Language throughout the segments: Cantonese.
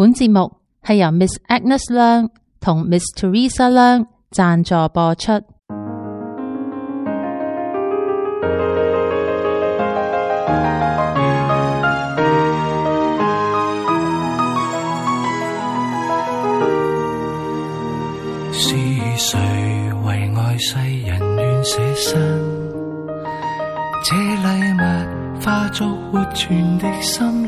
本節目係由 Miss Agnes 梁同 Miss Teresa 梁贊助播出。是誰為愛世人願捨身？這禮物化作活存的心。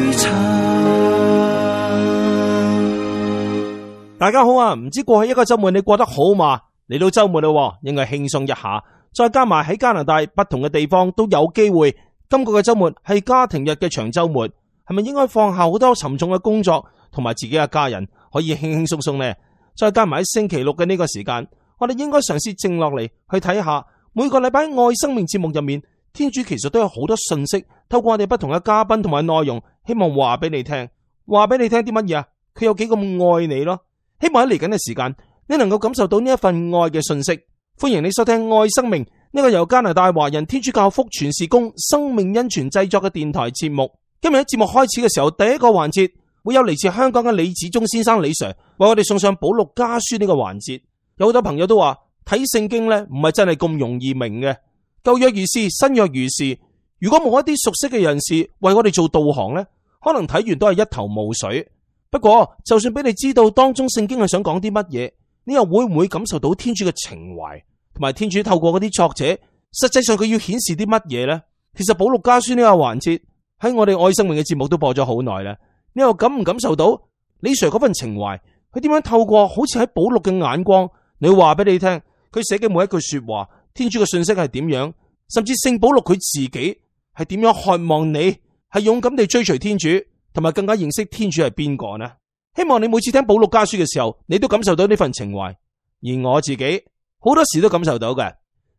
大家好啊！唔知過去一個周末你過得好嘛？嚟到周末嘞喎，應該輕鬆一下，再加埋喺加拿大不同嘅地方都有機會。今個嘅周末係家庭日嘅長周末，係咪應該放下好多沉重嘅工作，同埋自己嘅家人可以輕輕鬆鬆呢？再加埋喺星期六嘅呢個時間，我哋應該嘗試靜落嚟去睇下每個禮拜愛生命節目入面，天主其實都有好多信息，透過我哋不同嘅嘉賓同埋內容，希望話俾你聽，話俾你聽啲乜嘢啊？佢有幾咁愛你咯？希望喺嚟緊嘅時間，你能夠感受到呢一份愛嘅訊息。歡迎你收聽《愛生命》呢個由加拿大華人天主教福傳事工生命恩泉製作嘅電台節目。今日喺節目開始嘅時候，第一個環節會有嚟自香港嘅李子忠先生李 Sir 為我哋送上《保祿家書》呢個環節。有好多朋友都話睇聖經呢唔係真係咁容易明嘅。舊約如是，新約如是。如果冇一啲熟悉嘅人士為我哋做導航呢，可能睇完都係一頭霧水。不過，就算俾你知道當中聖經係想講啲乜嘢，你又會唔會感受到天主嘅情懷，同埋天主透過嗰啲作者，實際上佢要顯示啲乜嘢呢？其實保祿家書呢個環節喺我哋愛生命嘅節目都播咗好耐啦。你又感唔感受到李 Sir 嗰份情懷？佢點樣透過好似喺保祿嘅眼光，你話俾你聽佢寫嘅每一句說話，天主嘅信息係點樣？甚至聖保祿佢自己係點樣渴望你係勇敢地追隨天主？同埋更加認識天主係邊個呢？希望你每次聽保祿家書嘅時候，你都感受到呢份情懷。而我自己好多時都感受到嘅。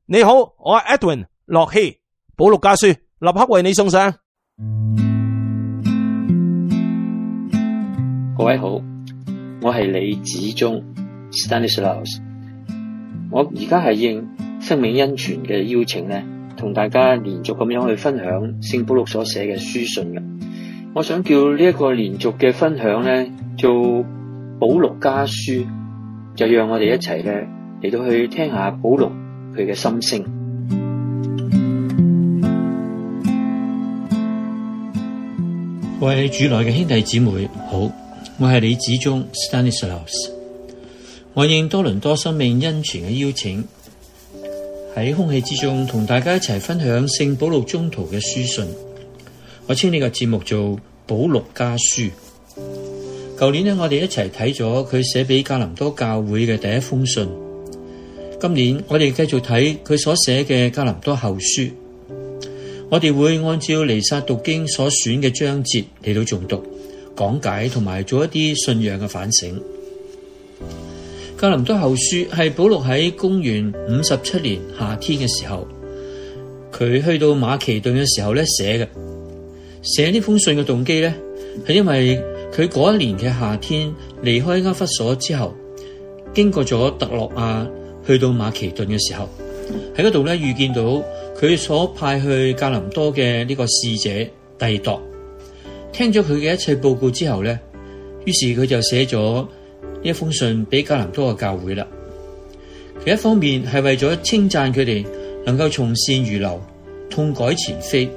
你好，我係 Edwin 洛希，保祿家書立刻為你送上。各位好，我係李子忠 Stanislaus，我而家係應生命恩泉嘅邀請呢，同大家連續咁樣去分享聖保祿所寫嘅書信嘅。我想叫呢一個連續嘅分享咧，做保祿家書，就讓我哋一齊咧嚟到去聽下保祿佢嘅心聲。為你主內嘅兄弟姊妹好，我係李子忠 Stanislaus，我應多倫多生命恩泉嘅邀請，喺空氣之中同大家一齊分享聖保祿中途嘅書信。我稱呢個節目做《保祿家書》。舊年咧，我哋一齊睇咗佢寫俾格林多教會嘅第一封信。今年我哋繼續睇佢所寫嘅格林多後書。我哋會按照彌撒讀經所選嘅章節嚟到誦讀、講解，同埋做一啲信仰嘅反省。格林多後書係保祿喺公元五十七年夏天嘅時候，佢去到馬其頓嘅時候咧寫嘅。寫呢封信嘅動機咧，係因為佢嗰一年嘅夏天離開厄弗所之後，經過咗特洛亞去到馬其頓嘅時候，喺嗰度咧遇見到佢所派去格林多嘅呢個使者帝鐸，聽咗佢嘅一切報告之後咧，於是佢就寫咗呢一封信俾格林多嘅教會啦。佢一方面係為咗稱讚佢哋能夠從善如流，痛改前非。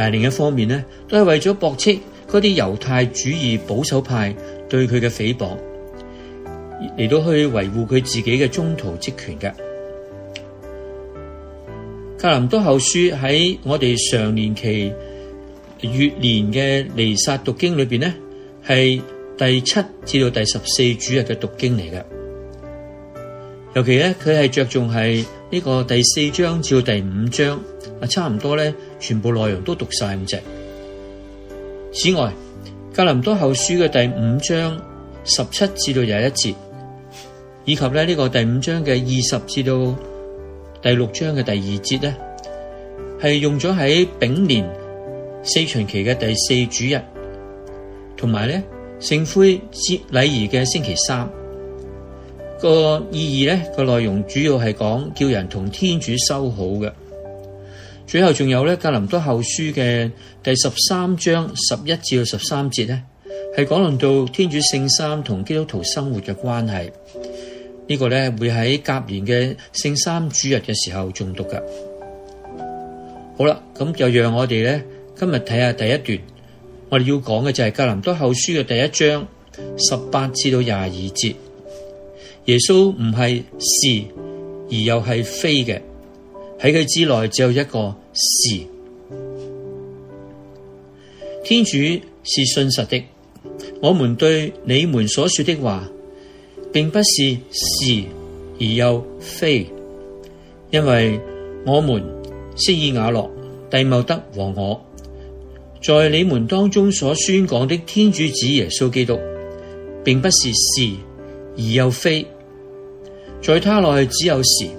但另一方面咧，都係為咗駁斥嗰啲猶太主義保守派對佢嘅誹謗，嚟到去維護佢自己嘅中途職權嘅。《格林多後書》喺我哋上年期月年嘅彌撒讀經裏邊咧，係第七至到第十四主日嘅讀經嚟嘅。尤其咧，佢係着重係呢個第四章至到第五章。啊，差唔多咧，全部內容都讀晒五隻。此外，《格林多後書》嘅第五章十七至到廿一節，以及咧呢個第五章嘅二十至到第六章嘅第二節咧，係用咗喺丙年四旬期嘅第四主日，同埋咧聖灰節禮儀嘅星期三。這個意義咧，這個內容，主要係講叫人同天主修好嘅。最後仲有咧，格林多後書嘅第十三章十一至到十三節咧，係講論到天主聖三同基督徒生活嘅關係。這個、呢個咧會喺甲年嘅聖三主日嘅時候誦讀噶。好啦，咁就讓我哋咧今日睇下第一段，我哋要講嘅就係格林多後書嘅第一章十八至到廿二節。耶穌唔係是,是而又係非嘅。喺佢之內只有一個是，天主是信實的。我們對你們所說的話，並不是是而又非，因為我們西爾瓦諾、蒂茂德和我在你們當中所宣講的天主子耶穌基督，並不是是而又非，在他內只有是。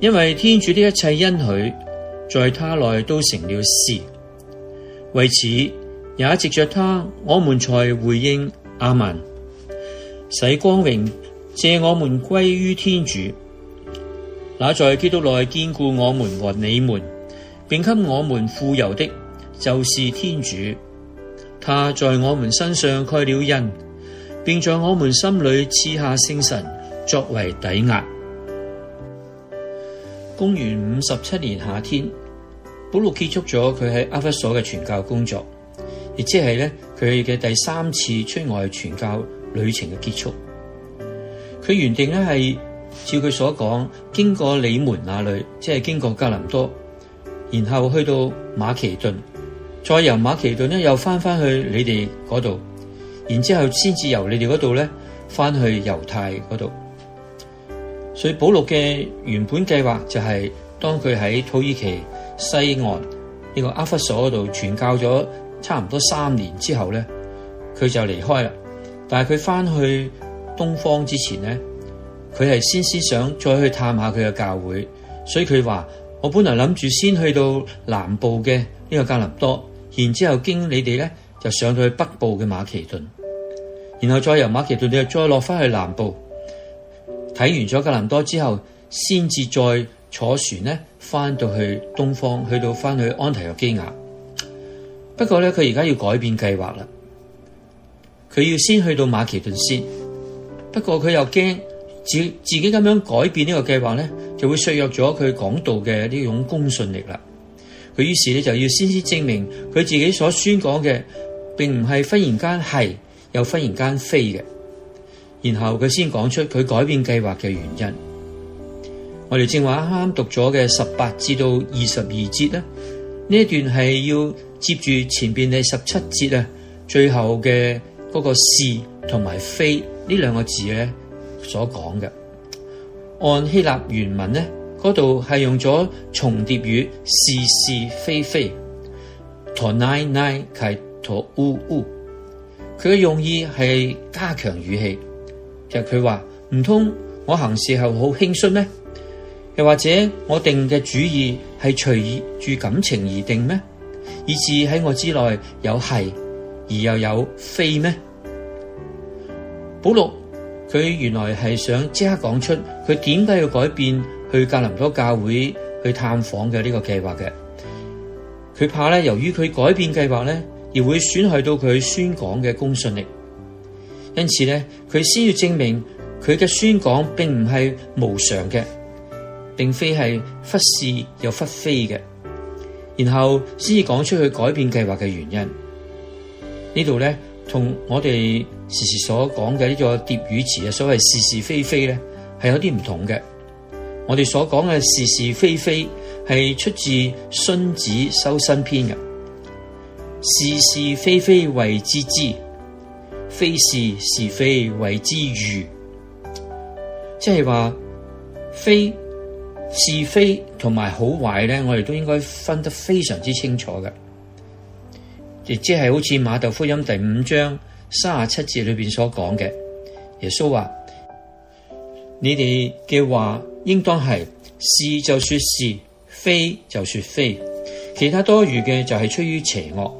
因為天主的一切恩許，在他內都成了事，為此也藉着他，我們才回應阿們，使光榮借我們歸於天主。那在基督內堅固我們和你們，並給我們富有的，就是天主。他在我們身上蓋了印，並在我們心裏賜下聖神作為抵押。公元五十七年夏天，保祿結束咗佢喺阿弗所嘅傳教工作，亦即係咧佢嘅第三次出外傳教旅程嘅結束。佢原定咧係照佢所講，經過你們那裡，即係經過格林多，然後去到馬其頓，再由馬其頓咧又翻翻去你哋嗰度，然之後先至由你哋嗰度咧翻去猶太嗰度。所以保祿嘅原本計劃就係當佢喺土耳其西岸呢個阿弗所嗰度傳教咗差唔多三年之後咧，佢就離開啦。但係佢翻去東方之前咧，佢係先思想再去探下佢嘅教會，所以佢話，我本來諗住先去到南部嘅呢個格林多，然之後經你哋咧就上到去北部嘅馬其頓，然後再由馬其頓你就再落翻去南部。睇完咗格蘭多之後，先至再坐船咧，翻到去東方，去到翻去安提約基亞。不過咧，佢而家要改變計劃啦，佢要先去到馬其頓先。不過佢又驚自自己咁樣改變呢個計劃咧，就會削弱咗佢講道嘅呢種公信力啦。佢於是咧就要先至證明佢自己所宣講嘅，並唔係忽然間係，又忽然間飛嘅。然後佢先講出佢改變計劃嘅原因。我哋正話啱啱讀咗嘅十八至到二十二節咧，呢一段係要接住前面嘅十七節啊，最後嘅嗰個是同埋非呢兩個字咧所講嘅。按希臘原文呢，嗰度係用咗重疊語是是非非，托奶奶係托嗚嗚，佢嘅用意係加強語氣。就佢話，唔通我行事後好輕率咩？又或者我定嘅主意係隨住感情而定咩？以至喺我之內有係而又有非咩？保祿佢原來係想即刻講出佢點解要改變去格林多教會去探訪嘅呢個計劃嘅。佢怕咧，由於佢改變計劃咧，而會損害到佢宣講嘅公信力。因此咧，佢先要證明佢嘅宣講並唔係無常嘅，並非係忽是又忽非嘅，然後先至講出去改變計劃嘅原因。呢度咧，同我哋時時所講嘅呢個疊語詞啊，所謂是是非非咧，係有啲唔同嘅。我哋所講嘅是是非非係出自《荀子修身篇》嘅，是是非非謂之知。非是是非謂之愚，即係話非是非同埋好壞咧，我哋都應該分得非常之清楚嘅。亦即係好似馬竇福音第五章三十七節裏邊所講嘅，耶穌話：你哋嘅話應當係是，是就說是，非就說非，其他多餘嘅就係出於邪惡。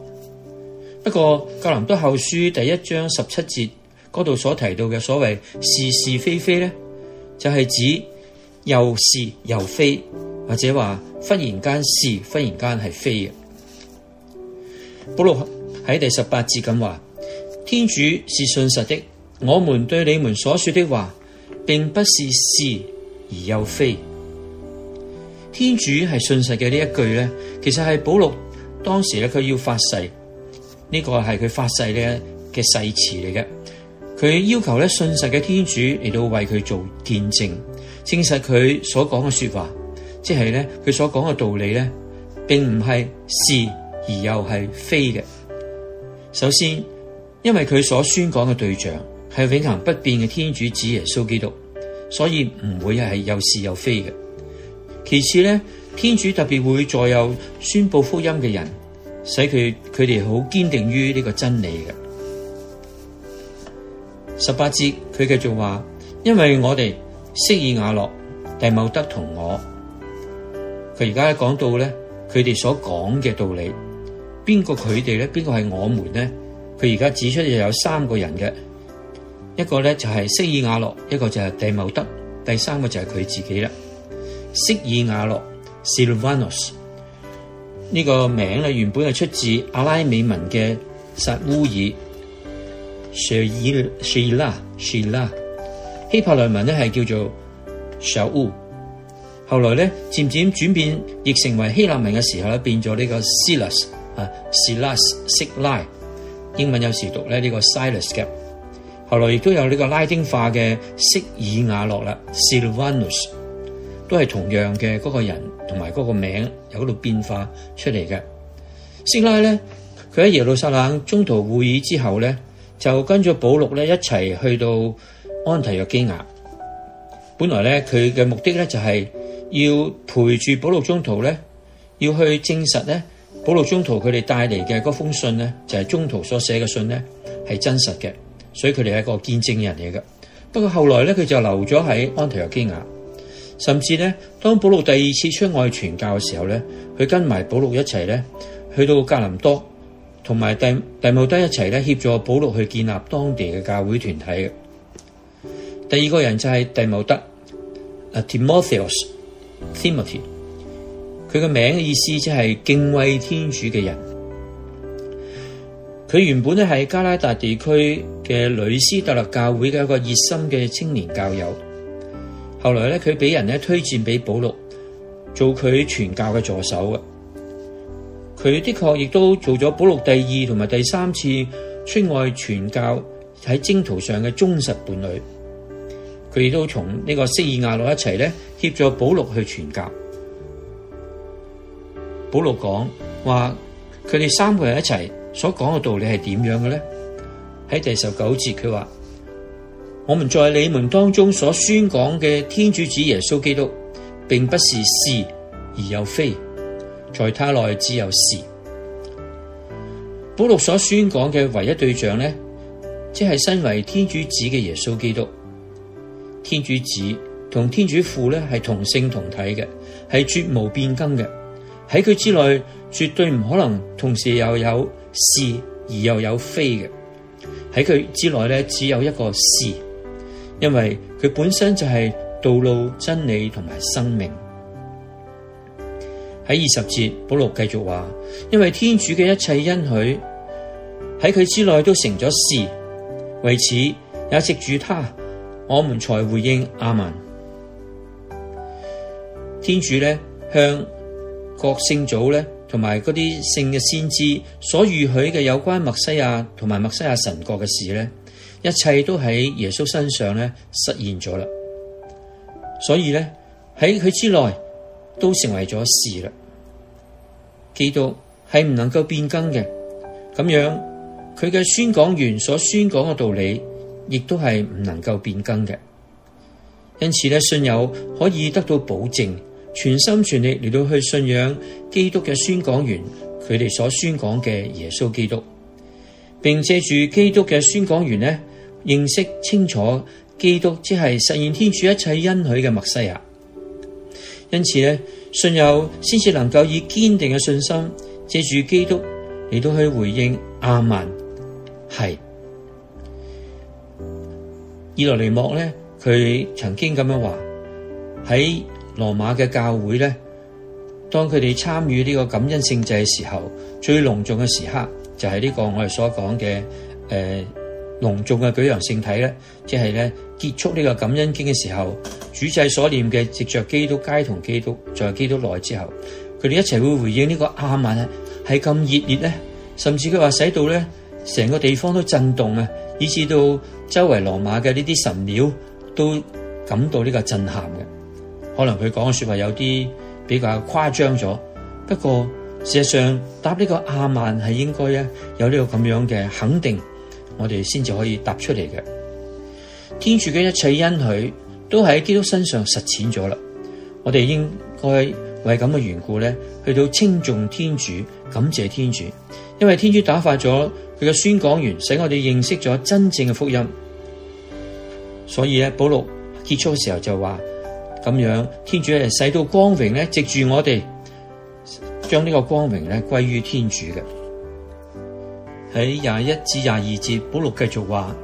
不過《格林多後書》第一章十七節嗰度所提到嘅所謂是是非非咧，就係指又是又非，或者話忽然間是，忽然間係非嘅。保祿喺第十八節咁話：天主是信實的，我們對你們所說的話，並不是是而又非。天主係信實嘅呢一句咧，其實係保祿當時咧佢要發誓。呢個係佢發誓嘅嘅誓詞嚟嘅，佢要求咧信實嘅天主嚟到為佢做見證，證實佢所講嘅說話，即係咧佢所講嘅道理咧，並唔係是，是而又係非嘅。首先，因為佢所宣講嘅對象係永恆不變嘅天主子耶穌基督，所以唔會係有是又非嘅。其次咧，天主特別會助佑宣佈福音嘅人。使佢佢哋好堅定於呢個真理嘅。十八節佢繼續話，因為我哋息爾瓦諾、弟茂德同我，佢而家講到咧，佢哋所講嘅道理，邊個佢哋咧？邊個係我們咧？佢而家指出又有三個人嘅，一個咧就係息爾瓦諾，一個就係弟茂德，第三個就係佢自己啦。息爾瓦諾 s 呢個名呢，原本係出自阿拉美文嘅撒烏爾，希伯來文咧係叫做沙烏，後來咧漸漸轉變，亦成為希臘文嘅時候咧變咗呢個 silas 啊 silas 色拉，英文有時讀呢、這個 silas 嘅，後來亦都有呢個拉丁化嘅色爾瓦諾啦 silvanus 都係同樣嘅嗰、那個人同埋嗰個名有嗰度變化出嚟嘅。色拉咧，佢喺耶路撒冷中途會議之後咧，就跟住保祿咧一齊去到安提約基亞。本來咧佢嘅目的咧就係要陪住保祿中途咧，要去證實咧保祿中途佢哋帶嚟嘅嗰封信咧，就係、是、中途所寫嘅信咧係真實嘅，所以佢哋係一個見證人嚟嘅。不過後來咧佢就留咗喺安提約基亞。甚至咧，當保祿第二次出外傳教嘅時候咧，佢跟埋保祿一齊咧，去到格林多同埋弟茂德一齊咧，協助保祿去建立當地嘅教會團體。第二個人就係弟茂德，阿 Timothy，Timothy，佢個名嘅意思就係、是、敬畏天主嘅人。佢原本咧係加拉大地區嘅呂斯特勒教會嘅一個熱心嘅青年教友。後來咧，佢俾人咧推薦俾保祿做佢傳教嘅助手啊！佢的確亦都做咗保祿第二同埋第三次出外傳教喺征途上嘅忠實伴侶。佢亦都同呢個色爾亞諾一齊咧協助保祿去傳教。保祿講話，佢哋三個人一齊所講嘅道理係點樣嘅咧？喺第十九節，佢話。我們在你們當中所宣講嘅天主子耶穌基督，並不是是而有非，在他內只有是。保禄所宣講嘅唯一對象呢，即係身為天主子嘅耶穌基督。天主子同天主父呢係同性同體嘅，係絕無變更嘅。喺佢之內絕對唔可能同時又有,有是而又有非嘅。喺佢之內呢只有一個是。因為佢本身就係道路、真理同埋生命。喺二十節，保祿繼續話：因為天主嘅一切恩許喺佢之內都成咗事，為此也藉住他，我們才回應阿門。天主咧向各聖祖咧同埋嗰啲聖嘅先知所預許嘅有關默西亞同埋默西亞神國嘅事咧，一切都喺耶穌身上咧實現咗啦，所以咧喺佢之內都成為咗事啦。基督係唔能夠變更嘅，咁樣佢嘅宣講員所宣講嘅道理，亦都係唔能夠變更嘅。因此咧，信友可以得到保證，全心全力嚟到去信仰基督嘅宣講員，佢哋所宣講嘅耶穌基督，並借住基督嘅宣講員咧。認識清楚基督即係實現天主一切恩許嘅麥西亞，因此咧，信友先至能夠以堅定嘅信心借住基督嚟到去回應阿曼係。以羅尼莫咧，佢曾經咁樣話，喺羅馬嘅教會咧，當佢哋參與呢個感恩聖祭嘅時候，最隆重嘅時刻就係、是、呢個我哋所講嘅誒。呃隆重嘅舉揚聖體咧，即係咧結束呢個感恩經嘅時候，主祭所念嘅藉著基督偕同基督，在基督內，之後，佢哋一齊會回應呢個阿曼啊，係咁熱烈咧，甚至佢話使到咧成個地方都震動啊，以至到周圍羅馬嘅呢啲神廟都感到呢個震撼嘅。可能佢講嘅説話有啲比較誇張咗，不過事實上答呢個阿曼係應該咧有呢個咁樣嘅肯定。我哋先至可以踏出嚟嘅，天主嘅一切恩許都喺基督身上實踐咗啦。我哋應該為咁嘅緣故咧，去到稱頌天主，感謝天主，因為天主打發咗佢嘅宣講員，使我哋認識咗真正嘅福音。所以咧，保祿結束嘅時候就話咁樣，天主係使到光榮咧，藉住我哋將呢個光榮咧歸於天主嘅。喺廿一至廿二節，保祿繼續話：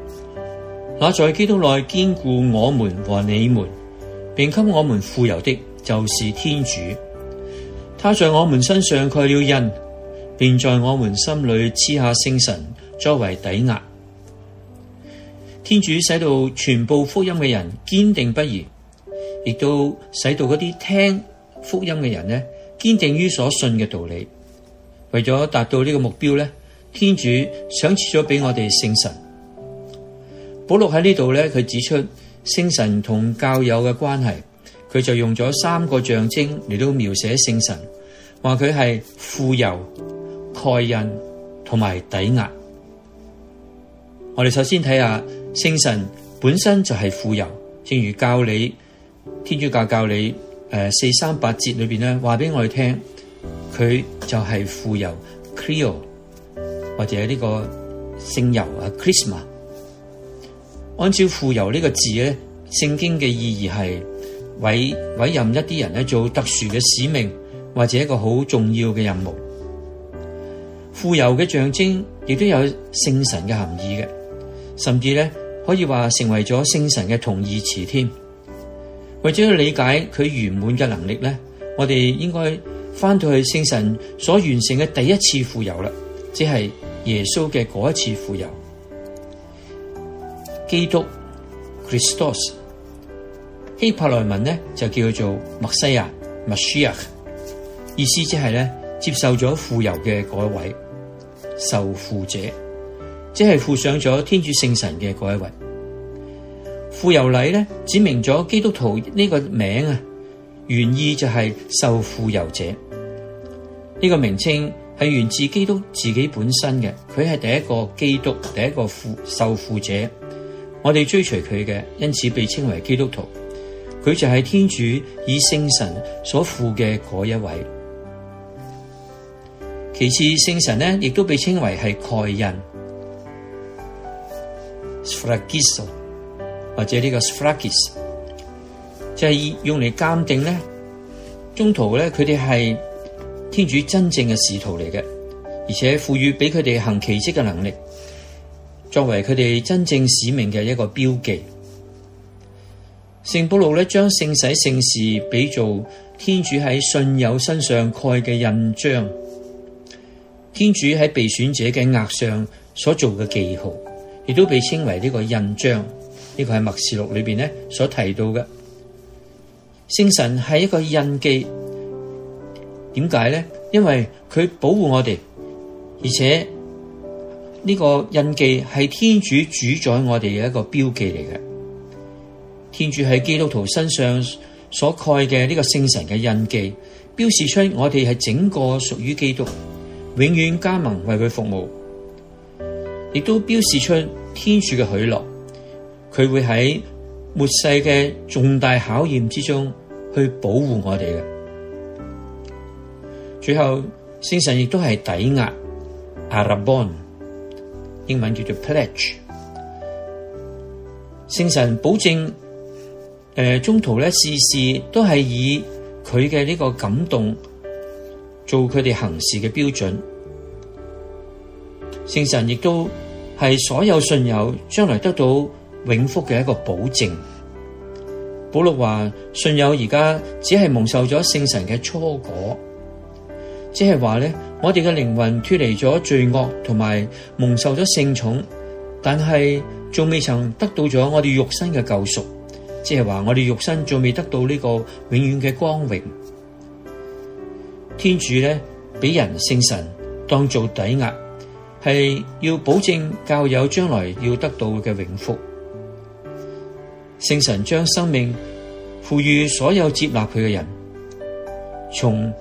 那在基督內堅固我們和你們，並給我們傅油的，就是天主。他在我們身上蓋了印，便在我們心裏賜下聖神作為抵押。天主使到全部福音嘅人堅定不移，亦都使到嗰啲聽福音嘅人呢堅定於所信嘅道理。為咗達到呢個目標呢。天主賞賜咗俾我哋聖神，保祿喺呢度咧，佢指出聖神同教友嘅關係，佢就用咗三個象徵嚟到描寫聖神，話佢係傅油、蓋印同埋抵押。我哋首先睇下聖神本身就係傅油，正如教理天主教教理誒四三八節裏邊咧話俾我哋聽，佢就係傅油 clear。或者呢個聖油啊，Christmas。按照富油呢個字咧，聖經嘅意義係委委任一啲人咧做特殊嘅使命，或者一個好重要嘅任務。富油嘅象徵亦都有聖神嘅含義嘅，甚至咧可以話成為咗聖神嘅同義詞添。為咗理解佢圓滿嘅能力咧，我哋應該翻到去聖神所完成嘅第一次富油啦，只係。耶穌嘅嗰一次傅油，基督 Christos，希伯來文呢就叫做默西亞 Mashiach，意思即係呢接受咗傅油嘅嗰一位受傅者，即係附上咗天主聖神嘅嗰一位。傅油禮呢指明咗基督徒呢個名啊，原意就係受傅油者呢、這個名稱。係源自基督自己本身嘅，佢係第一個基督，第一個受傅者。我哋追隨佢嘅，因此被稱為基督徒。佢就係天主以聖神所傅嘅嗰一位。其次，聖神呢，亦都被稱為係蓋印。或者呢、這個 Sphragis 就係、是、用嚟鑑定呢，中途呢，佢哋係。天主真正嘅使徒嚟嘅，而且賦予俾佢哋行奇蹟嘅能力，作為佢哋真正使命嘅一個標記。聖保羅咧將聖洗聖事比做天主喺信友身上蓋嘅印章，天主喺被選者嘅額上所做嘅記號，亦都被稱為呢個印章。呢、這個係默示錄裏邊咧所提到嘅聖神係一個印記。點解咧？因為佢保護我哋，而且呢個印記係天主主宰我哋嘅一個標記嚟嘅。天主喺基督徒身上所蓋嘅呢個聖神嘅印記，標示出我哋係整個屬於基督，永遠加盟為佢服務，亦都標示出天主嘅許諾，佢會喺末世嘅重大考驗之中去保護我哋嘅。最後，聖神亦都係抵押 Arabon, 英文叫做 pledge。聖神保證誒、呃，中途咧事事都係以佢嘅呢個感動做佢哋行事嘅標準。聖神亦都係所有信友將來得到永福嘅一個保證。保禄話，信友而家只係蒙受咗聖神嘅初果。即係話咧，我哋嘅靈魂脫離咗罪惡，同埋蒙受咗聖寵，但係仲未曾得到咗我哋肉身嘅救贖。即係話我哋肉身仲未得到呢個永遠嘅光榮。天主咧俾人聖神當做抵押，係要保證教友將來要得到嘅永福。聖神將生命賦予所有接納佢嘅人，從。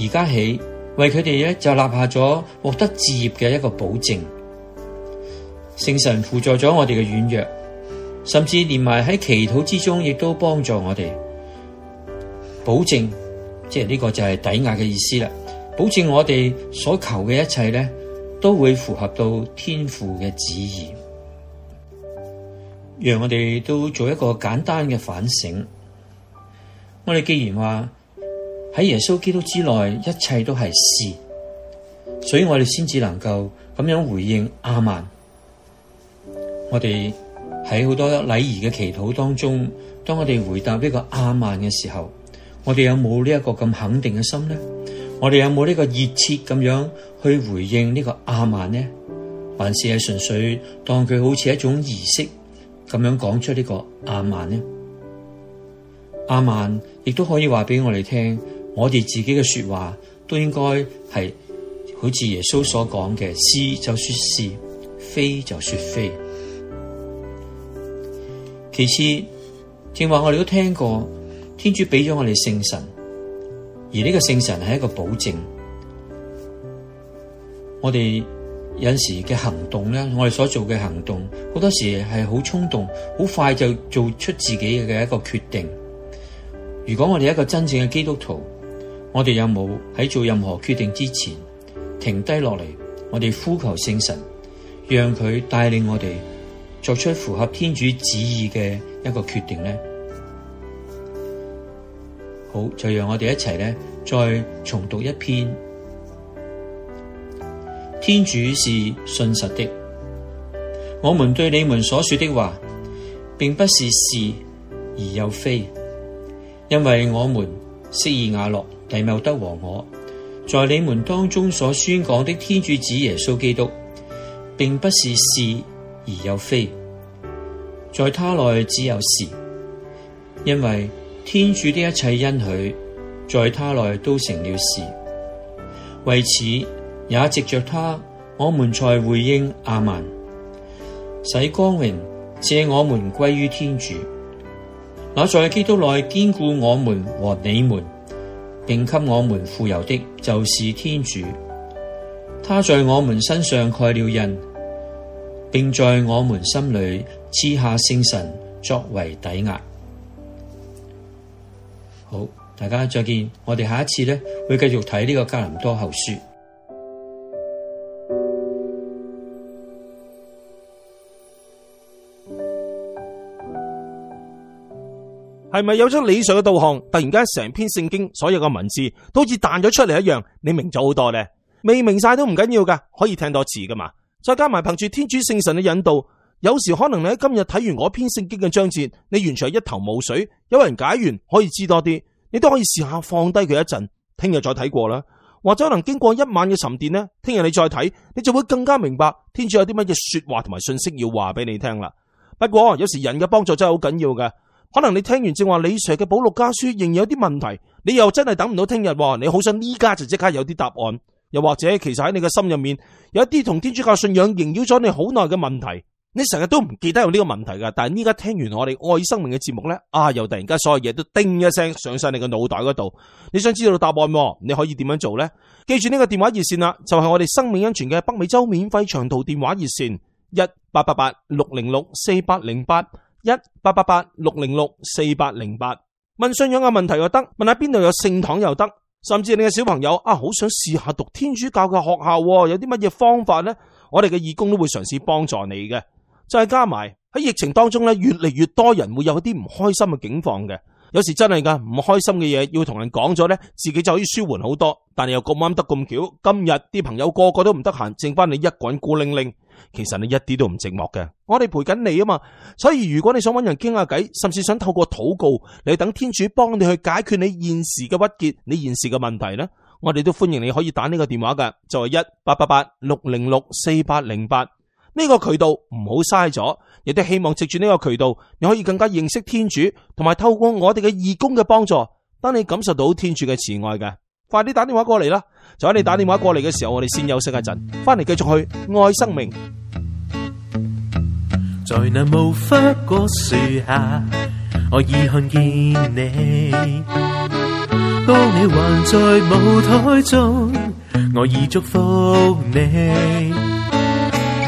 而家起為佢哋咧就立下咗獲得置業嘅一個保證，聖神輔助咗我哋嘅軟弱，甚至連埋喺祈禱之中，亦都幫助我哋保證，即係呢個就係抵押嘅意思啦。保證我哋所求嘅一切咧，都會符合到天父嘅旨意。讓我哋都做一個簡單嘅反省。我哋既然話。喺耶穌基督之內，一切都係是。所以我哋先至能夠咁樣回應阿曼。我哋喺好多禮儀嘅祈禱當中，當我哋回答呢個阿曼嘅時候，我哋有冇呢一個咁肯定嘅心呢？我哋有冇呢個熱切咁樣去回應呢個阿曼呢？還是係純粹當佢好似一種儀式咁樣講出呢個阿曼呢？阿曼亦都可以話俾我哋聽。我哋自己嘅說話都應該係好似耶穌所講嘅，是就說是，非就說非。其次，正話我哋都聽過，天主畀咗我哋聖神，而呢個聖神係一個保證。我哋有陣時嘅行動咧，我哋所做嘅行動好多時係好衝動，好快就做出自己嘅一個決定。如果我哋一個真正嘅基督徒，我哋有冇喺做任何決定之前停低落嚟，我哋呼求聖神，讓佢帶領我哋作出符合天主旨意嘅一個決定呢？好，就讓我哋一齊呢，再重讀一遍。天主是信實的，我們對你們所說的話，並不是是而又非，因為我們息耳瓦諾。提茂德和我，在你們當中所宣講的天主子耶穌基督，並不是是而有非，在他內只有是，因為天主的一切恩許，在他內都成了是。為此，也藉着他，我們才回應阿曼，使光榮借我們歸於天主。那在基督內堅固我們和你們。並給我們富有的就是天主，他在我們身上蓋了印，並在我們心裡賜下聖神作為抵押。好，大家再見。我哋下一次呢，會繼續睇呢、這個格林多後書。係咪有咗理想嘅導航？突然間，成篇聖經所有嘅文字都好似彈咗出嚟一樣，你明咗好多呢。未明晒都唔緊要噶，可以聽多次噶嘛。再加埋憑住天主聖神嘅引導，有時可能你喺今日睇完嗰篇聖經嘅章節，你完全係一頭霧水。有人解完可以知多啲，你都可以試下放低佢一陣，聽日再睇過啦。或者可能經過一晚嘅沉澱呢？聽日你再睇，你就會更加明白天主有啲乜嘢說話同埋信息要話俾你聽啦。不過有時人嘅幫助真係好緊要噶。可能你聽完正話李 Sir 嘅保祿家書，仍有啲問題，你又真係等唔到聽日，你好想依家就即刻有啲答案。又或者其實喺你嘅心入面，有一啲同天主教信仰縈繞咗你好耐嘅問題，你成日都唔記得有呢個問題噶。但係依家聽完我哋愛生命嘅節目呢，啊，又突然間所有嘢都叮一聲上晒你嘅腦袋嗰度。你想知道答案，你可以點樣做呢？記住呢個電話熱線啦，就係我哋生命恩泉嘅北美洲免費長途電話熱線一八八八六零六四八零八。一八八八六零六四八零八，問信仰嘅問題又得，問下邊度有聖堂又得，甚至你嘅小朋友啊，好想試下讀天主教嘅學校，有啲乜嘢方法呢？我哋嘅義工都會嘗試幫助你嘅。再、就係、加埋喺疫情當中咧，越嚟越多人會有啲唔開心嘅境況嘅。有時真係噶唔開心嘅嘢，要同人講咗呢，自己就可以舒緩好多。但係又咁啱得咁巧，今日啲朋友個個都唔得閒，剩翻你一個人孤零零。其實你一啲都唔寂寞嘅，我哋陪緊你啊嘛。所以如果你想揾人傾下偈，甚至想透過禱告，你等天主幫你去解決你現時嘅鬱結，你現時嘅問題呢，我哋都歡迎你可以打呢個電話嘅，就係一八八八六零六四八零八。呢個渠道唔好嘥咗，亦都希望藉住呢個渠道，你可以更加認識天主，同埋透過我哋嘅義工嘅幫助，當你感受到天主嘅慈愛嘅，快啲打電話過嚟啦！就喺你打電話過嚟嘅時候，我哋先休息一陣，翻嚟繼續去愛生命。在那無花果樹下，我已看見你；當你還在母胎中，我已祝福你。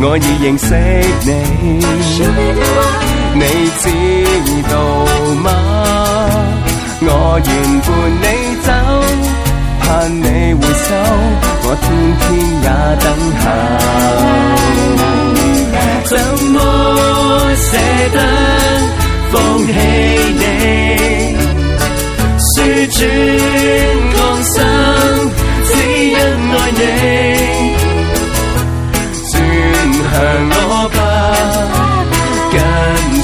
我已認識你，你知道嗎？我願伴你走，盼你回首，我天天也等候。啊、怎麼捨得放棄你，書轉。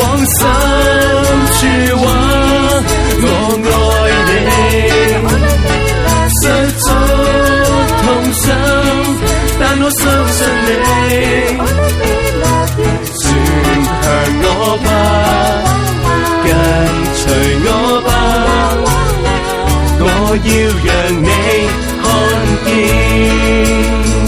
往深處挖，我愛你。雖遭痛心，但我相信你。轉向我吧，跟隨我吧，我要讓你看見。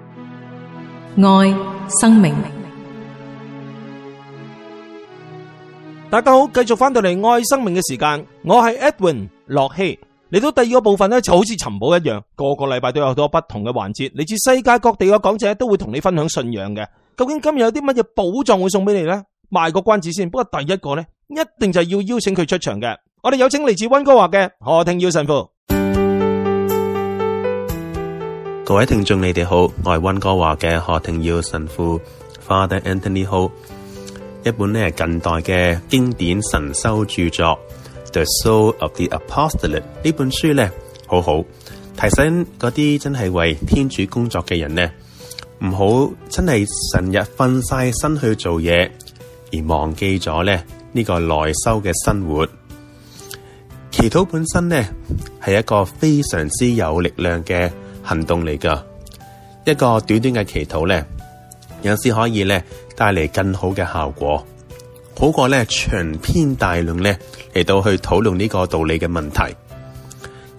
愛生命，命，大家好，繼續翻到嚟愛生命嘅時間，我係 Edwin 洛希，嚟到第二個部分咧，就好似尋寶一樣，個個禮拜都有好多不同嘅環節，嚟自世界各地嘅講者都會同你分享信仰嘅。究竟今日有啲乜嘢寶藏會送俾你呢？賣個關子先，不過第一個咧，一定就係要邀請佢出場嘅。我哋有請嚟自溫哥華嘅何庭耀神父。各位聽眾，你哋好，我係溫哥華嘅何庭耀神父 Father Anthony Ho。一本咧近代嘅經典神修著作《The Soul of the Apostolate》呢本書呢，好好提醒嗰啲真係為天主工作嘅人，呢唔好真係成日瞓晒身去做嘢，而忘記咗咧呢，呢個內修嘅生活。祈禱本身呢，係一個非常之有力量嘅。行動嚟㗎，一個短短嘅祈禱咧，有時可以咧帶嚟更好嘅效果，好過咧長篇大論咧嚟到去討論呢個道理嘅問題。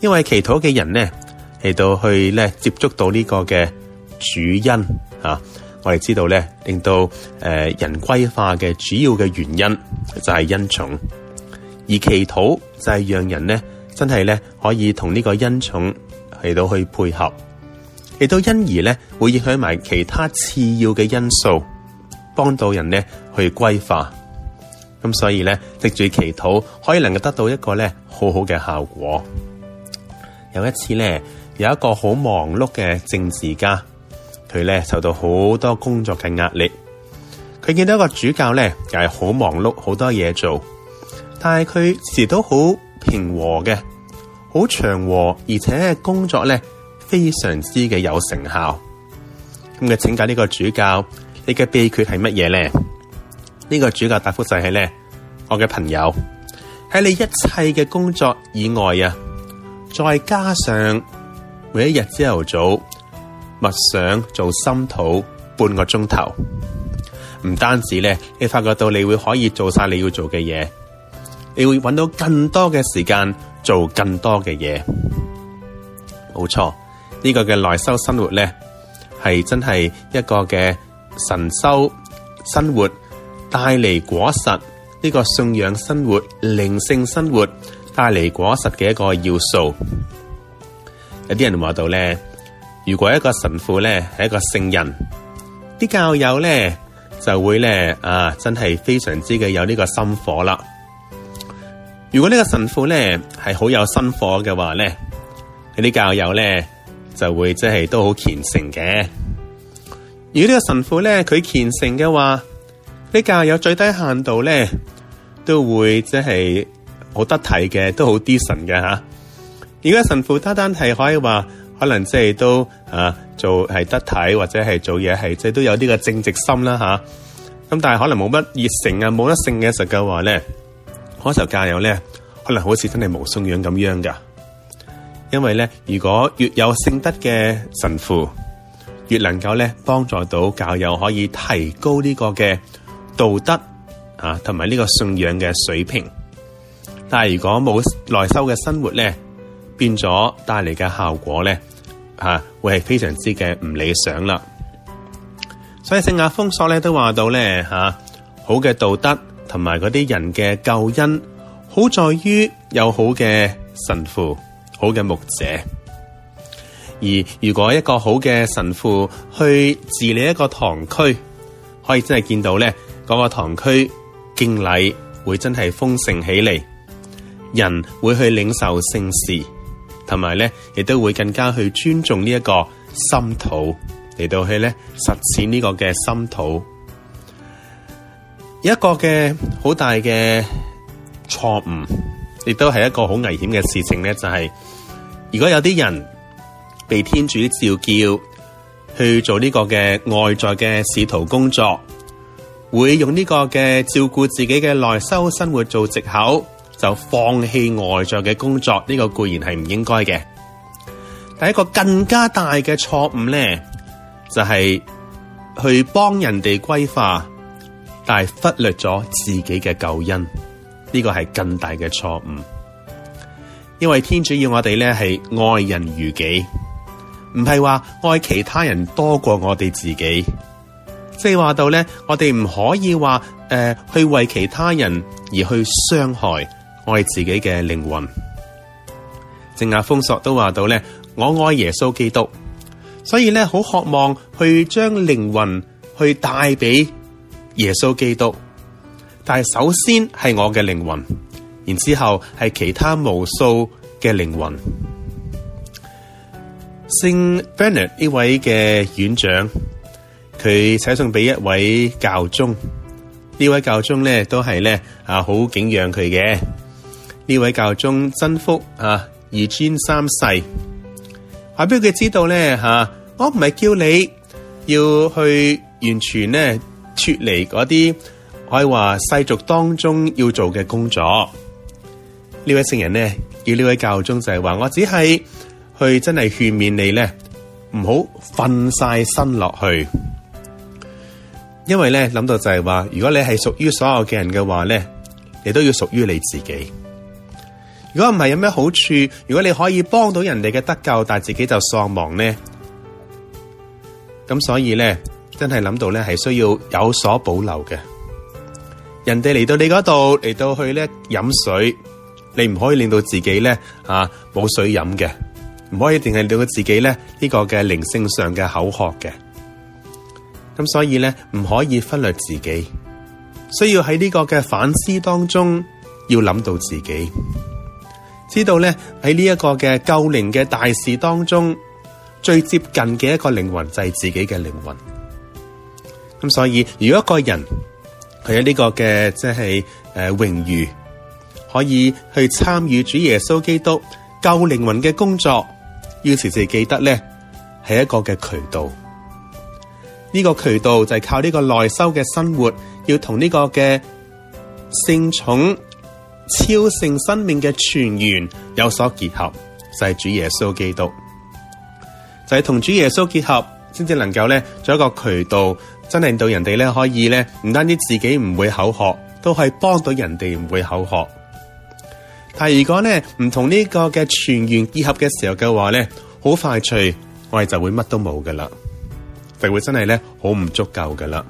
因為祈禱嘅人咧嚟到去咧接觸到呢個嘅主因。啊，我哋知道咧令到誒、呃、人歸化嘅主要嘅原因就係、是、恩寵，而祈禱就係讓人咧真係咧可以同呢個恩寵。嚟到去配合，嚟到因而咧會影響埋其他次要嘅因素，幫到人咧去歸化。咁所以咧，藉住祈禱可以能夠得到一個咧好好嘅效果。有一次咧，有一個好忙碌嘅政治家，佢咧受到好多工作嘅壓力，佢見到一個主教咧又係好忙碌，好多嘢做，但係佢時都好平和嘅。好祥和，而且工作咧非常之嘅有成效。咁嘅，請教呢個主教，你嘅秘訣係乜嘢咧？呢個主教答覆就係咧，我嘅朋友喺你一切嘅工作以外啊，再加上每一日朝頭早默想做心禱半個鐘頭，唔單止咧，你發覺到你會可以做晒你要做嘅嘢，你會揾到更多嘅時間。做更多嘅嘢，冇錯。呢個嘅內修生活咧，係真係一個嘅神修生活帶嚟果實，呢個信仰生活、靈性生活帶嚟果實嘅一個要素。有啲人話到咧，如果一個神父咧係一個聖人，啲教友咧就會咧啊，真係非常之嘅有呢個心火啦。如果呢個神父咧係好有心火嘅話咧，啲教友咧就會即係都好虔誠嘅。如果呢個神父咧佢虔誠嘅話，啲教友最低限度咧都會即係好得體嘅，都好 decent 嘅吓。如果神父單單係可以話，可能即係都啊做係得體或者係做嘢係即係都有呢個正直心啦吓。咁但係可能冇乜熱誠啊，冇得性嘅實嘅話咧，可受教友咧，可能好似真係冇信仰咁樣噶因為咧，如果越有聖德嘅神父，越能夠咧幫助到教友可以提高呢個嘅道德啊，同埋呢個信仰嘅水平。但係如果冇內修嘅生活咧，變咗帶嚟嘅效果咧，吓、啊、會係非常之嘅唔理想啦。所以聖亞封索咧都話到咧吓、啊，好嘅道德，同埋嗰啲人嘅救恩，好在於有好嘅神父、好嘅牧者。而如果一個好嘅神父去治理一個堂區，可以真係見到咧，嗰個堂區敬禮會真係豐盛起嚟，人會去領受聖事，同埋咧亦都會更加去尊重呢一個心土，嚟到去咧實踐呢個嘅心土。一個嘅好大嘅錯誤，亦都係一個好危險嘅事情呢就係、是、如果有啲人被天主召叫去做呢個嘅外在嘅使徒工作，會用呢個嘅照顧自己嘅內修生活做借口，就放棄外在嘅工作，呢、這個固然係唔應該嘅。第一個更加大嘅錯誤呢，就係、是、去幫人哋規劃。但忽略咗自己嘅救恩，呢、這個係更大嘅錯誤。因為天主要我哋咧係愛人如己，唔係話愛其他人多過我哋自己。即係話到咧，我哋唔可以話誒、呃、去為其他人而去傷害我哋自己嘅靈魂。聖亞豐索都話到咧，我愛耶穌基督，所以咧好渴望去將靈魂去帶俾，耶穌基督，但係首先係我嘅靈魂，然之後係其他無數嘅靈魂。e n n 聖范尼呢位嘅院長，佢寫信俾一位教宗，呢位教宗咧都係咧啊好敬仰佢嘅。呢位教宗真福啊，二尊三世，話俾佢知道咧吓、啊，我唔係叫你要去完全咧。脫離嗰啲，可以話世俗當中要做嘅工作。呢位聖人呢，叫呢位教宗就係話，我只係去真係勸勉你呢，唔好瞓晒身落去。因為呢，諗到就係話，如果你係屬於所有嘅人嘅話呢，你都要屬於你自己。如果唔係有咩好處，如果你可以幫到人哋嘅得救，但係自己就喪亡呢？咁所以呢。真係諗到咧，係需要有所保留嘅。人哋嚟到你嗰度嚟到去咧，飲水你唔可以令到自己咧啊，冇水飲嘅，唔可以定係令到自己咧呢個嘅靈性上嘅口渴嘅。咁所以咧，唔可以忽略自己，需要喺呢個嘅反思當中要諗到自己，知道咧喺呢一個嘅救靈嘅大事當中最接近嘅一個靈魂就係自己嘅靈魂。咁所以，如果一個人佢有呢個嘅，即係誒榮譽，可以去參與主耶穌基督救靈魂嘅工作，要時時記得咧係一個嘅渠道。呢、這個渠道就係靠呢個內修嘅生活，要同呢個嘅聖寵超性生命嘅泉源有所結合，就係、是、主耶穌基督就係、是、同主耶穌結合，先至能夠咧做一個渠道。真係令到人哋咧，可以咧唔單止自己唔會口渴，都係幫到人哋唔會口渴。但係如果咧唔同呢個嘅全員結合嘅時候嘅話咧，好快脆，我哋就會乜都冇噶啦，就會真係咧好唔足夠噶啦。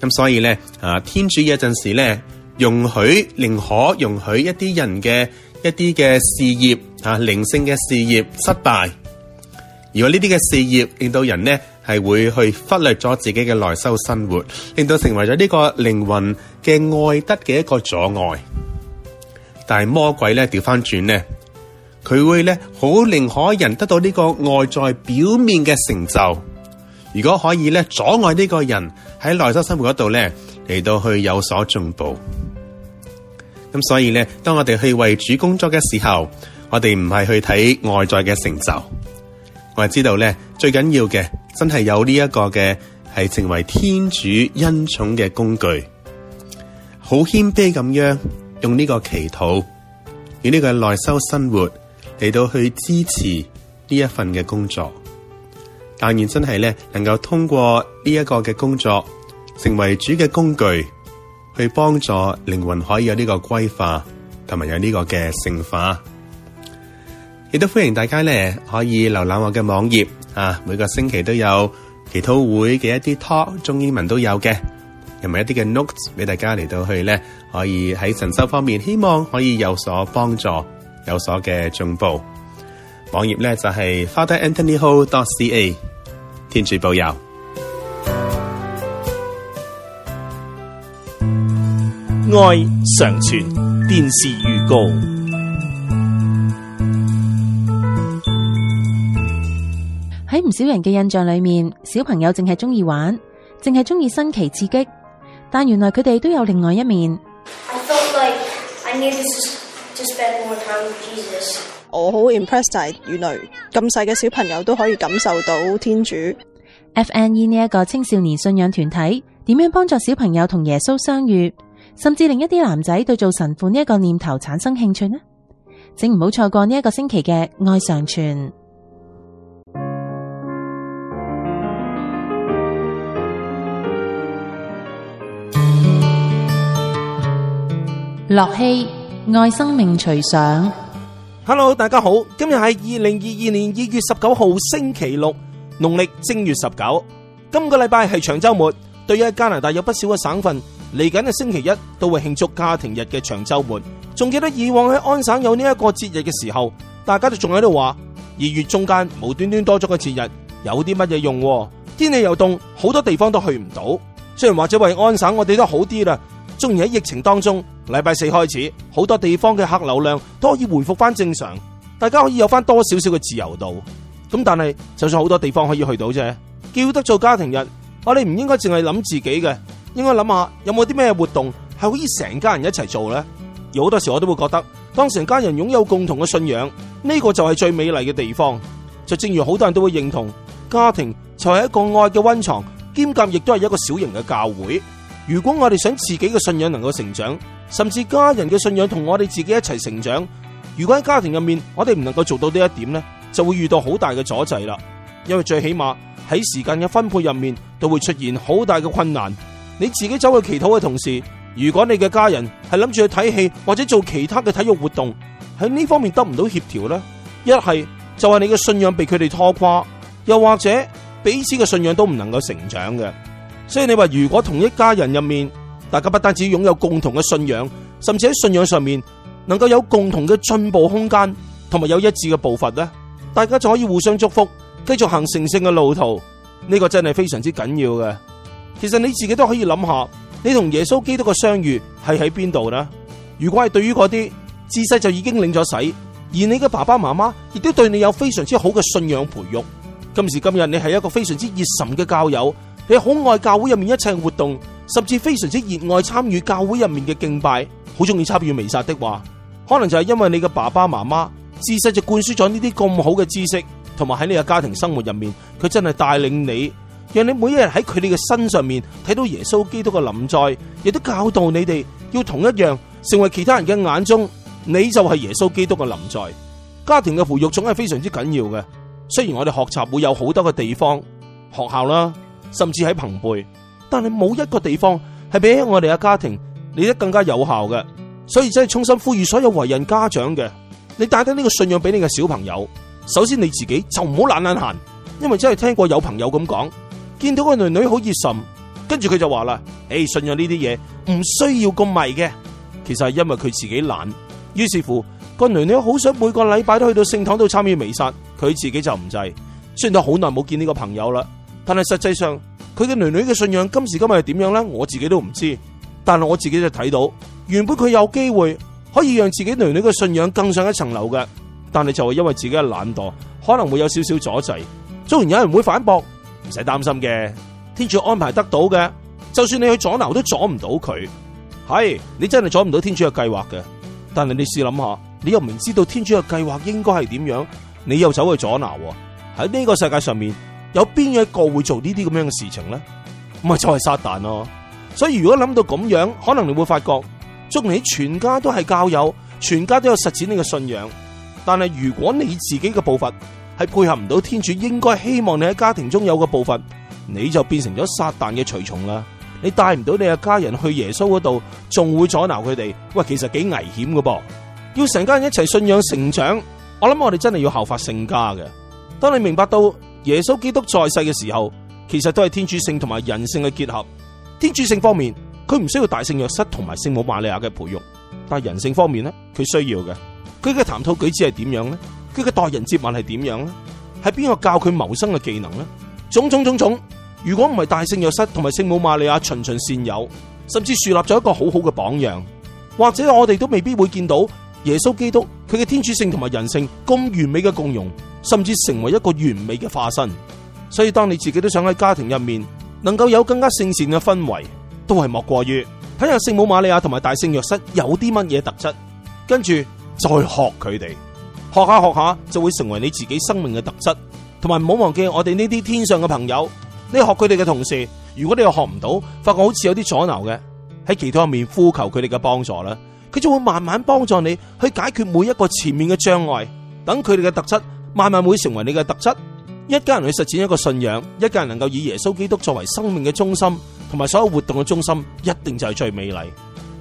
咁所以咧啊，天主有陣時咧，容許、寧可容許一啲人嘅一啲嘅事業啊，靈性嘅事業失敗。如果呢啲嘅事業令到人咧，係會去忽略咗自己嘅內修生活，令到成為咗呢個靈魂嘅愛德嘅一個阻礙。但係魔鬼咧，調翻轉咧，佢會咧好寧可人得到呢個外在表面嘅成就。如果可以咧，阻礙呢個人喺內修生活嗰度咧嚟到去有所進步。咁所以咧，當我哋去為主工作嘅時候，我哋唔係去睇外在嘅成就，我係知道咧最緊要嘅。真係有呢一個嘅，係成為天主恩寵嘅工具，好謙卑咁樣用呢個祈禱與呢個內修生活嚟到去支持呢一份嘅工作。但願真係咧能夠通過呢一個嘅工作，成為主嘅工具，去幫助靈魂可以有呢個歸化，同埋有呢個嘅聖化。亦都歡迎大家咧可以瀏覽我嘅網頁。啊，每個星期都有祈禱會嘅一啲 talk，中英文都有嘅，又係一啲嘅 notes 俾大家嚟到去咧，可以喺神修方面希望可以有所幫助，有所嘅進步。網頁咧就係、是、Father Anthony Ho dot C A。天主保佑，愛常傳電視預告。唔少人嘅印象裏面，小朋友淨係中意玩，淨係中意新奇刺激。但原來佢哋都有另外一面。Like、我好 impressed 原來咁細嘅小朋友都可以感受到天主。F N E 呢一個青少年信仰團體點樣幫助小朋友同耶穌相遇，甚至令一啲男仔對做神父呢一個念頭產生興趣呢？請唔好錯過呢一個星期嘅愛常傳。樂器愛生命隨想，Hello，大家好。今日係二零二二年二月十九號，星期六，農曆正月十九。今個禮拜係長週末，對於喺加拿大有不少嘅省份嚟緊嘅星期一都會慶祝家庭日嘅長週末。仲記得以往喺安省有呢一個節日嘅時候，大家都仲喺度話二月中間無端端多咗個節日，有啲乜嘢用？天氣又凍，好多地方都去唔到。雖然或者為安省，我哋都好啲啦。雖然喺疫情當中。禮拜四開始，好多地方嘅客流量都可以回復翻正常，大家可以有翻多少少嘅自由度。咁但係，就算好多地方可以去到啫，叫得做家庭日，我哋唔應該淨係諗自己嘅，應該諗下有冇啲咩活動係可以成家人一齊做呢？有好多時我都會覺得，當成家人擁有共同嘅信仰，呢個就係最美麗嘅地方。就正如好多人都會認同，家庭就係一個愛嘅溫床，兼夾亦都係一個小型嘅教會。如果我哋想自己嘅信仰能夠成長，甚至家人嘅信仰同我哋自己一齊成長，如果喺家庭入面我哋唔能夠做到呢一點咧，就會遇到好大嘅阻滯啦。因為最起碼喺時間嘅分配入面都會出現好大嘅困難。你自己走去祈禱嘅同時，如果你嘅家人係諗住去睇戲或者做其他嘅體育活動，喺呢方面得唔到協調咧，一係就係你嘅信仰被佢哋拖垮，又或者彼此嘅信仰都唔能夠成長嘅。所以你話如果同一家人入面，大家不單止擁有共同嘅信仰，甚至喺信仰上面能夠有共同嘅進步空間，同埋有一致嘅步伐咧，大家就可以互相祝福，繼續行成聖嘅路途。呢個真係非常之緊要嘅。其實你自己都可以諗下，你同耶穌基督嘅相遇係喺邊度呢？如果係對於嗰啲自細就已經領咗洗，而你嘅爸爸媽媽亦都對你有非常之好嘅信仰培育，今時今日你係一個非常之熱心嘅教友。你好愛教會入面一切活動，甚至非常之熱愛參與教會入面嘅敬拜，好中意參與彌撒的話，可能就係因為你嘅爸爸媽媽自細就灌輸咗呢啲咁好嘅知識，同埋喺你嘅家庭生活入面，佢真係帶領你，讓你每一日喺佢哋嘅身上面睇到耶穌基督嘅臨在，亦都教導你哋要同一樣，成為其他人嘅眼中，你就係耶穌基督嘅臨在。家庭嘅扶育總係非常之緊要嘅，雖然我哋學習會有好多嘅地方，學校啦。甚至喺朋輩，但係冇一個地方係比起我哋嘅家庭嚟得更加有效嘅，所以真係衷心呼籲所有為人家長嘅，你帶得呢個信仰俾你嘅小朋友，首先你自己就唔好懶懶閒，因為真係聽過有朋友咁講，見到個女女好熱心，跟住佢就話啦，誒、欸，信仰呢啲嘢唔需要咁迷嘅，其實係因為佢自己懶，於是乎、那個女女好想每個禮拜都去到聖堂度參與彌撒，佢自己就唔制，雖然都好耐冇見呢個朋友啦。但係實際上，佢嘅囡女嘅信仰今時今日係點樣咧？我自己都唔知，但係我自己就睇到，原本佢有機會可以讓自己囡女嘅信仰更上一層樓嘅，但係就因為自己嘅懶惰，可能會有少少阻滯。雖然有人會反駁，唔使擔心嘅，天主安排得到嘅，就算你去阻撓都阻唔到佢，係你真係阻唔到天主嘅計劃嘅，但係你試諗下，你又唔知道天主嘅計劃應該係點樣，你又走去阻撓喎？喺呢個世界上面，有邊一個會做呢啲咁樣嘅事情呢？咪就係撒旦咯、啊。所以如果諗到咁樣，可能你會發覺，祝你全家都係教友，全家都有實踐你嘅信仰。但係如果你自己嘅步伐係配合唔到天主，應該希望你喺家庭中有個步伐，你就變成咗撒旦嘅隨從啦。你帶唔到你嘅家人去耶穌嗰度，仲會阻撓佢哋。喂，其實幾危險噶噃。要成家人一齊信仰成長，我諗我哋真係要效法聖家嘅。當你明白到。耶穌基督在世嘅時候，其實都係天主性同埋人性嘅結合。天主性方面，佢唔需要大聖若瑟同埋聖母瑪利亞嘅培育，但係人性方面咧，佢需要嘅。佢嘅談吐舉止係點樣咧？佢嘅待人接物係點樣咧？係邊個教佢謀生嘅技能咧？種種種種，如果唔係大聖若瑟同埋聖母瑪利亞循循善誘，甚至樹立咗一個好好嘅榜樣，或者我哋都未必會見到。耶穌基督佢嘅天主性同埋人性咁完美嘅共融，甚至成為一個完美嘅化身。所以當你自己都想喺家庭入面能夠有更加聖善嘅氛圍，都係莫過於睇下聖母瑪利亞同埋大聖若瑟有啲乜嘢特質，跟住再學佢哋，學下學下就會成為你自己生命嘅特質。同埋唔好忘記我哋呢啲天上嘅朋友，你學佢哋嘅同時，如果你又學唔到，發覺好似有啲阻撓嘅，喺祈禱入面呼求佢哋嘅幫助啦。佢就會慢慢幫助你去解決每一個前面嘅障礙，等佢哋嘅特質慢慢會成為你嘅特質。一家人去實踐一個信仰，一家人能夠以耶穌基督作為生命嘅中心，同埋所有活動嘅中心，一定就係最美麗。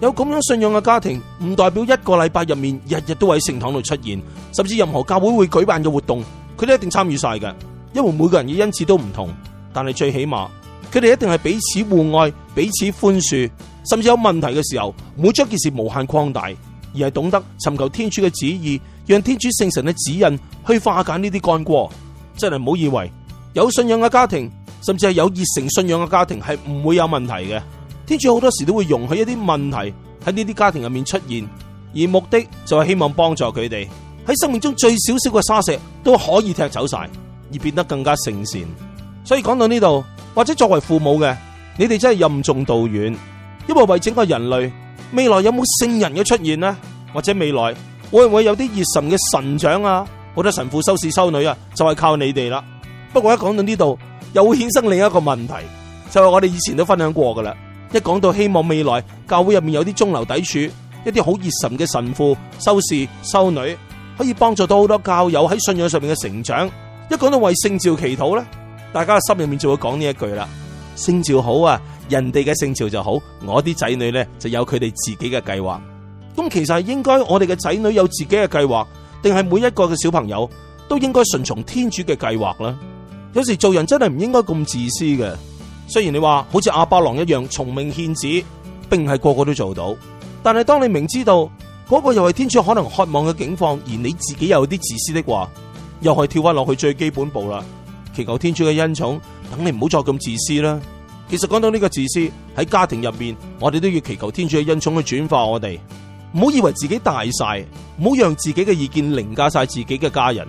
有咁樣信仰嘅家庭，唔代表一個禮拜入面日日都喺聖堂度出現，甚至任何教會會舉辦嘅活動，佢哋一定參與晒㗎。因為每個人嘅恩賜都唔同，但係最起碼。佢哋一定係彼此互愛、彼此寬恕，甚至有問題嘅時候，唔會將件事無限擴大，而係懂得尋求天主嘅旨意，讓天主聖神嘅指引去化解呢啲干戈。真係唔好以為有信仰嘅家庭，甚至係有熱誠信仰嘅家庭係唔會有問題嘅。天主好多時都會容許一啲問題喺呢啲家庭入面出現，而目的就係希望幫助佢哋喺生命中最少少嘅沙石都可以踢走晒，而變得更加聖善。所以講到呢度。或者作為父母嘅，你哋真係任重道遠，因為為整個人類未來有冇聖人嘅出現呢，或者未來會唔會有啲熱神嘅神長啊，好多神父、修士、修女啊，就係、是、靠你哋啦。不過一講到呢度，又會衍生另一個問題，就係、是、我哋以前都分享過噶啦。一講到希望未來教會入面有啲中流砥柱，一啲好熱神嘅神父、修士、修女，可以幫助到好多教友喺信仰上面嘅成長。一講到為聖召祈禱呢。大家心入面就會講呢一句啦，聖朝好啊，人哋嘅聖朝就好，我啲仔女咧就有佢哋自己嘅計劃。咁其實應該我哋嘅仔女有自己嘅計劃，定係每一個嘅小朋友都應該順從天主嘅計劃呢？有時做人真係唔應該咁自私嘅。雖然你話好似阿巴郎一樣從命獻子，並唔係個個都做到，但係當你明知道嗰、嗰個又係天主可能渴望嘅境況，而你自己又有啲自私的話，又係跳翻落去最基本步啦。祈求天主嘅恩寵，等你唔好再咁自私啦。其實講到呢個自私喺家庭入面，我哋都要祈求天主嘅恩寵去轉化我哋。唔好以為自己大晒，唔好讓自己嘅意見凌駕晒自己嘅家人。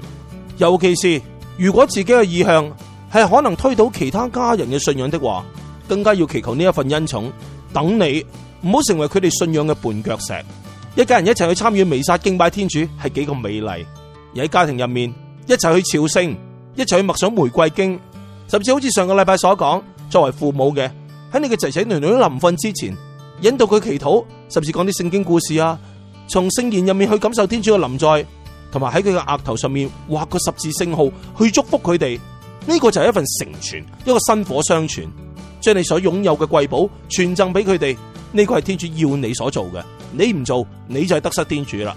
尤其是如果自己嘅意向係可能推倒其他家人嘅信仰的話，更加要祈求呢一份恩寵。等你唔好成為佢哋信仰嘅絆腳石。一家人一齊去參與彌撒敬拜天主係幾咁美麗，而喺家庭入面一齊去朝聖。一齊默想玫瑰經，甚至好似上個禮拜所講，作為父母嘅喺你嘅仔仔女女臨瞓之前，引導佢祈禱，甚至講啲聖經故事啊，從聖言入面去感受天主嘅臨在，同埋喺佢嘅額頭上面畫個十字聖號去祝福佢哋，呢個就係一份成全，一個薪火相傳，將你所擁有嘅瑰寶傳贈俾佢哋，呢個係天主要你所做嘅，你唔做你就係得失天主啦。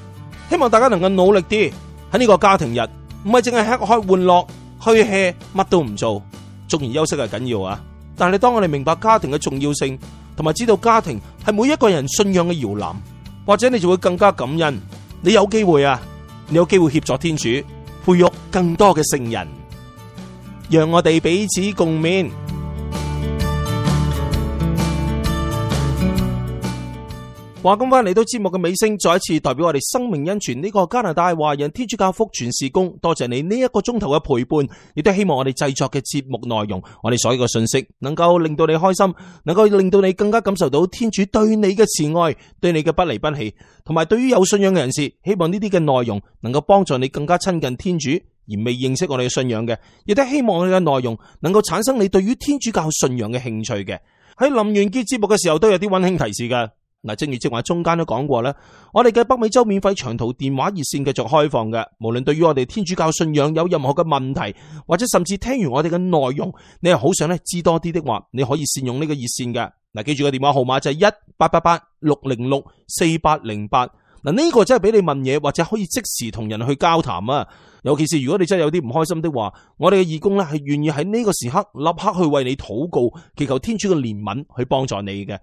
希望大家能夠努力啲喺呢個家庭日，唔係淨係吃開玩樂。虛氣乜都唔做，縱然休息係緊要啊！但係你當我哋明白家庭嘅重要性，同埋知道家庭係每一個人信仰嘅搖籃，或者你就會更加感恩。你有機會啊，你有機會協助天主培育更多嘅聖人，讓我哋彼此共勉。話咁翻嚟到節目嘅尾聲，再一次代表我哋生命恩泉呢個加拿大華人天主教福傳事工，多謝你呢一個鐘頭嘅陪伴。亦都希望我哋製作嘅節目內容，我哋所有嘅信息能夠令到你開心，能夠令到你更加感受到天主對你嘅慈愛，對你嘅不離不棄，同埋對於有信仰嘅人士，希望呢啲嘅內容能夠幫助你更加親近天主。而未認識我哋嘅信仰嘅，亦都希望我哋嘅內容能夠產生你對於天主教信仰嘅興趣嘅。喺臨完結節目嘅時候，都有啲溫馨提示噶。嗱，正如正話中間都講過啦，我哋嘅北美洲免費長途電話熱線繼續開放嘅，無論對於我哋天主教信仰有任何嘅問題，或者甚至聽完我哋嘅內容，你係好想咧知多啲的話，你可以善用呢個熱線嘅。嗱，記住個電話號碼就係一八八八六零六四八零八。嗱，呢個真係俾你問嘢，或者可以即時同人去交談啊。尤其是如果你真係有啲唔開心的話，我哋嘅義工咧係願意喺呢個時刻立刻去為你禱告，祈求天主嘅憐憫去幫助你嘅。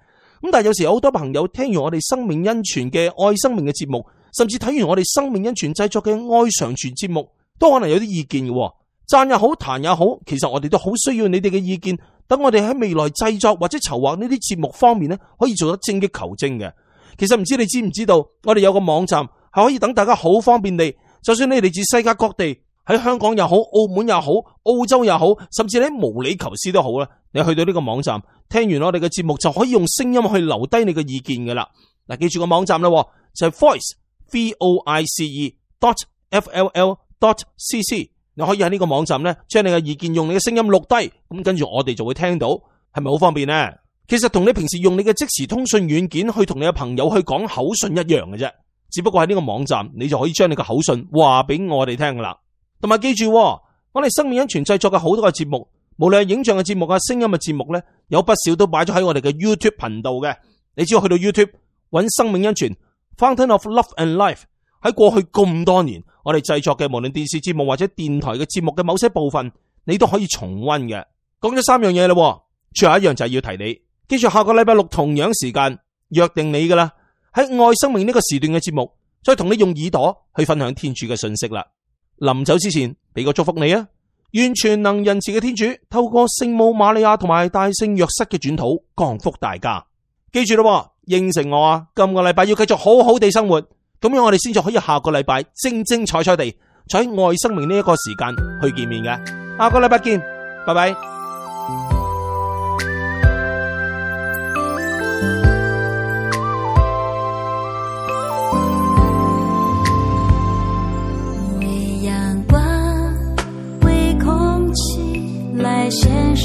咁但係有時好多朋友聽完我哋生命恩泉嘅愛生命嘅節目，甚至睇完我哋生命恩泉製作嘅愛常傳節目，都可能有啲意見嘅，讚也好，彈也好，其實我哋都好需要你哋嘅意見，等我哋喺未來製作或者籌劃呢啲節目方面咧，可以做得精益求精嘅。其實唔知你知唔知道，我哋有個網站係可以等大家好方便，你就算你嚟自世界各地。喺香港又好，澳門又好，澳洲又好，甚至喺毛里求斯都好咧。你去到呢個網站，聽完我哋嘅節目就可以用聲音去留低你嘅意見噶啦。嗱，記住個網站啦，就係、是、voice v o i c e dot f l l dot c c。你可以喺呢個網站咧，將你嘅意見用你嘅聲音錄低，咁跟住我哋就會聽到，係咪好方便咧？其實同你平時用你嘅即時通訊軟件去同你嘅朋友去講口信一樣嘅啫，只不過喺呢個網站你就可以將你嘅口信話俾我哋聽噶啦。同埋記住，我哋生命恩泉製作嘅好多嘅節目，無論係影像嘅節目啊、聲音嘅節目咧，有不少都擺咗喺我哋嘅 YouTube 頻道嘅。你只要去到 YouTube 搵生命恩泉 Fountain of Love and Life，喺過去咁多年我哋製作嘅，無論電視節目或者電台嘅節目嘅某些部分，你都可以重温嘅。講咗三樣嘢啦，最後一樣就係要提你，記住下個禮拜六同樣時間約定你噶啦，喺愛生命呢個時段嘅節目，再同你用耳朵去分享天主嘅信息啦。臨走之前，俾個祝福你啊！願全能仁慈嘅天主透過聖母瑪利亞同埋大聖若瑟嘅轉土，降福大家。記住咯，應承我啊！今個禮拜要繼續好好地生活，咁樣我哋先就可以下個禮拜精精彩彩地在愛生命呢一個時間去見面嘅。下個禮拜見，拜拜。